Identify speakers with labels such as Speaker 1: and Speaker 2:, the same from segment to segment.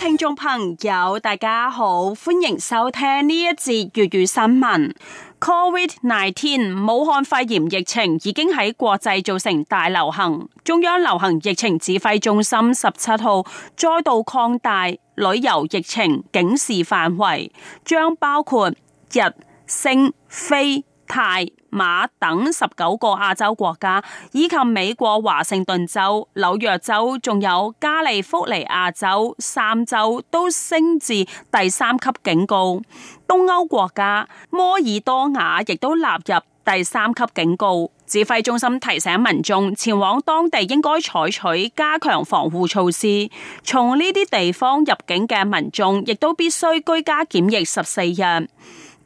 Speaker 1: 聽眾朋友，大家好，歡迎收聽呢一節粵語新聞。Covid 19，武漢肺炎疫情已經喺國際造成大流行。中央流行疫情指揮中心十七號再度擴大旅遊疫情警示範圍，將包括日、星、菲、泰。馬等十九個亞洲國家，以及美國華盛頓州、紐約州，仲有加利福尼亞州三州都升至第三級警告。東歐國家摩爾多瓦亦都納入第三級警告。指揮中心提醒民眾前往當地應該採取加強防護措施，從呢啲地方入境嘅民眾亦都必須居家檢疫十四日。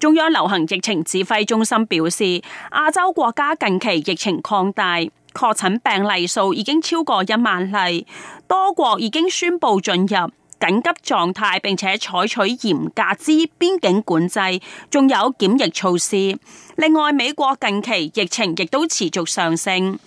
Speaker 1: 中央流行疫情指揮中心表示，亞洲國家近期疫情擴大，確診病例數已經超過一萬例，多國已經宣布進入緊急狀態，並且採取嚴格之邊境管制，仲有檢疫措施。另外，美國近期疫情亦都持續上升。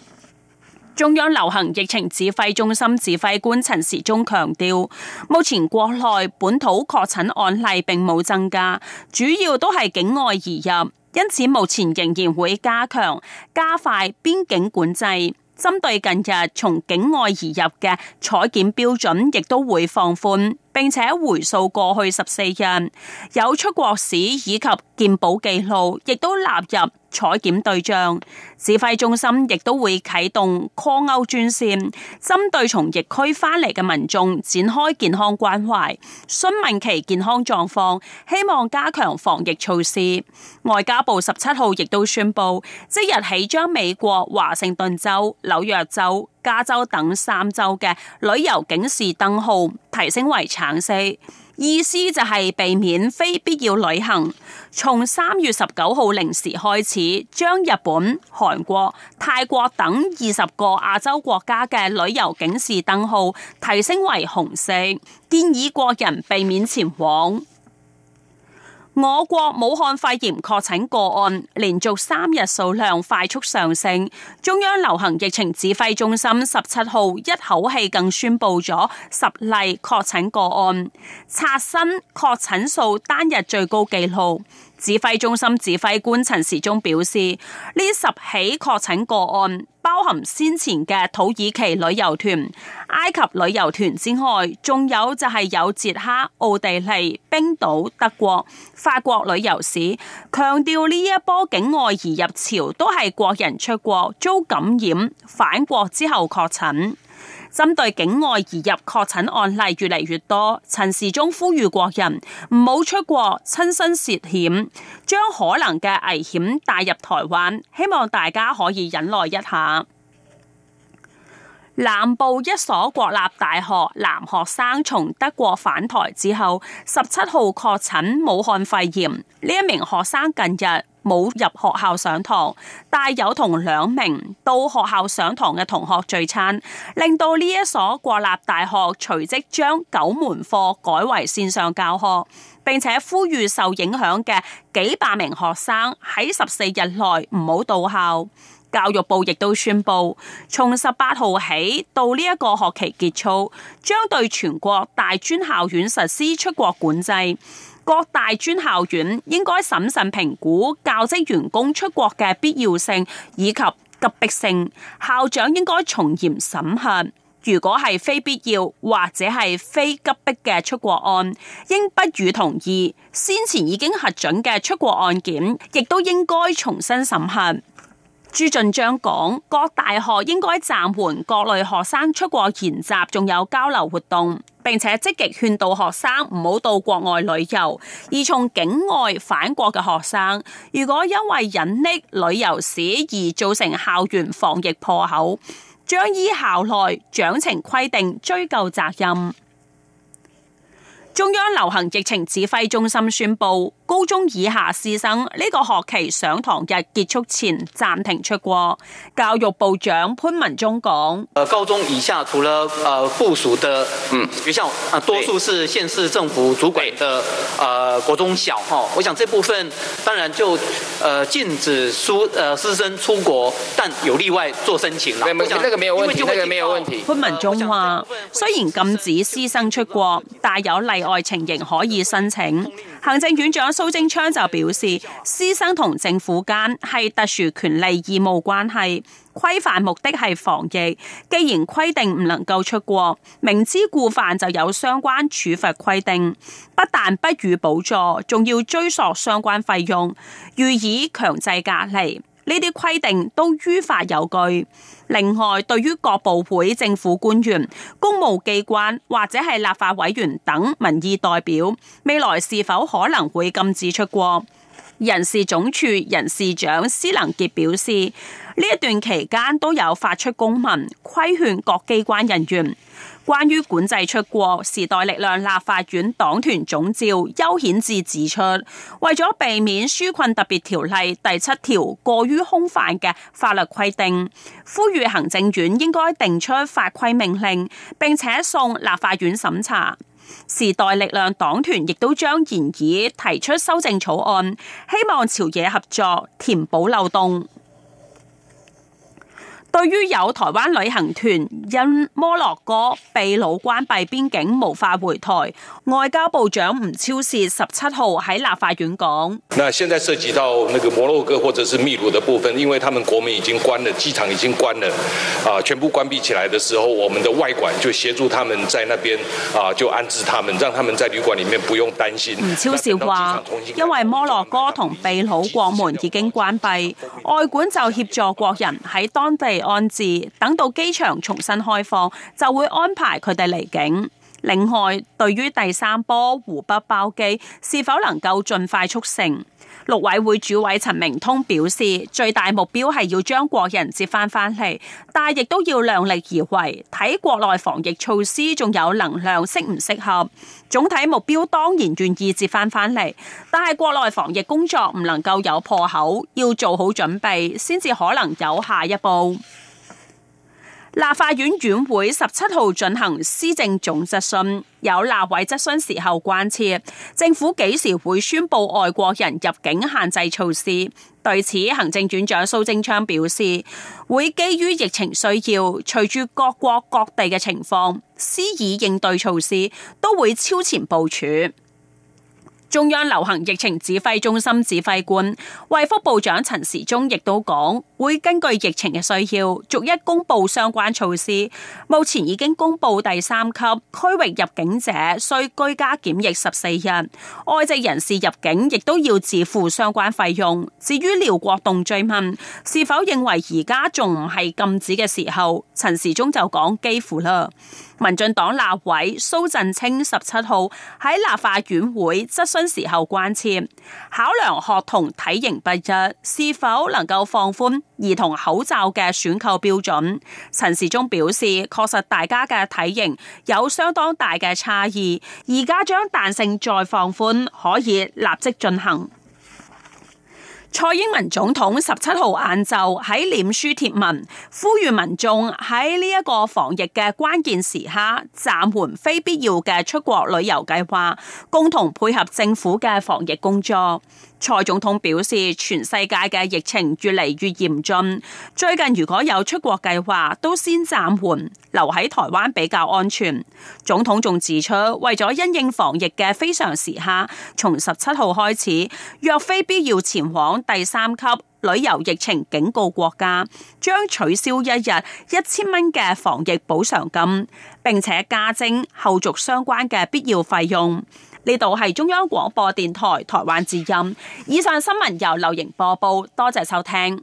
Speaker 1: 中央流行疫情指揮中心指揮官陳時中強調，目前國內本土確診案例並冇增加，主要都係境外移入，因此目前仍然會加強加快邊境管制，針對近日從境外移入嘅採檢標準亦都會放寬，並且回溯過去十四日有出國史以及健保記錄，亦都納入。採檢對象，指揮中心亦都會啟動跨歐專線，針對從疫區返嚟嘅民眾展開健康關懷，詢問其健康狀況，希望加強防疫措施。外交部十七號亦都宣布，即日起將美國華盛頓州、紐約州、加州等三州嘅旅遊警示燈號提升為橙色。意思就係避免非必要旅行。從三月十九號零時開始，將日本、韓國、泰國等二十個亞洲國家嘅旅遊警示燈號提升為紅色，建議國人避免前往。我國武漢肺炎確診個案連續三日數量快速上升，中央流行疫情指揮中心十七號一口氣更宣布咗十例確診個案，刷新確診數單日最高紀錄。指揮中心指揮官陳時中表示，呢十起確診個案包含先前嘅土耳其旅遊團、埃及旅遊團之外，仲有就係有捷克、奧地利、冰島、德國、法國旅遊史，強調呢一波境外移入潮都係國人出國遭感染返國之後確診。針對境外移入確診案例越嚟越多，陳時中呼籲國人唔好出國親身涉險，將可能嘅危險帶入台灣，希望大家可以忍耐一下。南部一所國立大學男學生從德國返台之後，十七號確診武漢肺炎，呢一名學生近日，冇入學校上堂，但有同兩名到學校上堂嘅同學聚餐，令到呢一所國立大學隨即將九門課改為綫上教學，並且呼籲受影響嘅幾百名學生喺十四日內唔好到校。教育部亦都宣佈，從十八號起到呢一個學期結束，將對全國大專校院實施出國管制。各大專校院應該審慎評估教職員工出國嘅必要性以及急迫性，校長應該從嚴審核。如果係非必要或者係非急迫嘅出國案，應不予同意。先前已經核准嘅出國案件，亦都應該重新審核。朱進章講，各大學應該暫緩各類學生出國研習，仲有交流活動。並且積極勸導學生唔好到國外旅遊，而從境外返國嘅學生，如果因為隱匿旅遊史而造成校園防疫破口，將依校內獎懲規定追究責任。中央流行疫情指揮中心宣布。高中以下師生呢、這個學期上堂日結束前暫停出國。教育部長潘文忠講：誒，高中以下除了誒部屬的嗯學校，啊，多數是縣市政府主管的誒對、呃、國中小，哈，我想這部分當然就誒禁止出誒師生出國，但有例外做申請啦。對，冇，那個沒有問題，沒有問題。潘文忠話：雖然禁止師生出國，但有例外情形可以申請。行政院長蘇貞昌就表示，師生同政府間係特殊權利義務關係，規範目的係防疫。既然規定唔能夠出國，明知故犯就有相關處罰規定，不但不予補助，仲要追索相關費用，予以強制隔離。呢啲規定都於法有據。另外，對於各部會政府官員、公務機關或者係立法委員等民意代表，未來是否可能會禁止出國？人事總處人事長施能傑表示，呢一段期間都有發出公文，規勸各機關人員。關於管制出國，時代力量立法院黨團總召邱顯智指出，為咗避免《紓困特別條例》第七條過於空泛嘅法律規定，呼籲行政院應該定出法規命令，並且送立法院審查。時代力量黨團亦都將研議提出修正草案，希望朝野合作填補漏洞。對於有台灣旅行團因摩洛哥秘魯關閉邊境無法回台，外交部長吳釗燮十七號喺立法院講：那現在涉及到那個摩洛哥或者是秘魯的部分，因為他們國門已經關了，機場已經關了，啊，全部關閉起來的時候，我們的外館就協助他們在那邊啊，就安置他們，讓他們在旅館裡面不用擔心。吳釗燮話，因為摩洛哥同秘，秘魯國門已經關閉，外館就協助國人喺當地。安置，等到機場重新開放，就會安排佢哋離境。另外，對於第三波湖北包機是否能夠盡快促成？陸委會主委陳明通表示，最大目標係要將國人接翻返嚟，但係亦都要量力而為，睇國內防疫措施仲有能量適唔適合。總體目標當然願意接翻返嚟，但係國內防疫工作唔能夠有破口，要做好準備先至可能有下一步。立法院院會十七號進行施政總質詢，有立委質詢時候關切，政府幾時會宣布外國人入境限制措施？對此，行政院長蘇貞昌表示，會基於疫情需要，隨住各國各地嘅情況，施以應對措施，都會超前部署。中央流行疫情指揮中心指揮官衛福部長陳時中亦都講，會根據疫情嘅需要，逐一公布相關措施。目前已經公布第三級區域入境者需居家檢疫十四日，外籍人士入境亦都要自付相關費用。至於廖國棟追問是否認為而家仲唔係禁止嘅時候，陳時中就講幾乎啦。民進黨立委蘇振清十七號喺立法院會質詢時候關切考量學童體型不一，是否能夠放寬兒童口罩嘅選購標準？陳時中表示，確實大家嘅體型有相當大嘅差異，而家將彈性再放寬，可以立即進行。蔡英文總統十七號晏晝喺臉書貼文，呼籲民眾喺呢一個防疫嘅關鍵時刻，暫緩非必要嘅出國旅遊計劃，共同配合政府嘅防疫工作。蔡總統表示，全世界嘅疫情越嚟越嚴峻，最近如果有出國計劃，都先暫緩，留喺台灣比較安全。總統仲指出，為咗因應防疫嘅非常時刻，從十七號開始，若非必要前往第三級旅遊疫情警告國家，將取消一日一千蚊嘅防疫補償金，並且加徵後續相關嘅必要費用。呢度係中央廣播電台台灣之音。以上新聞由劉瑩播報，多謝收聽。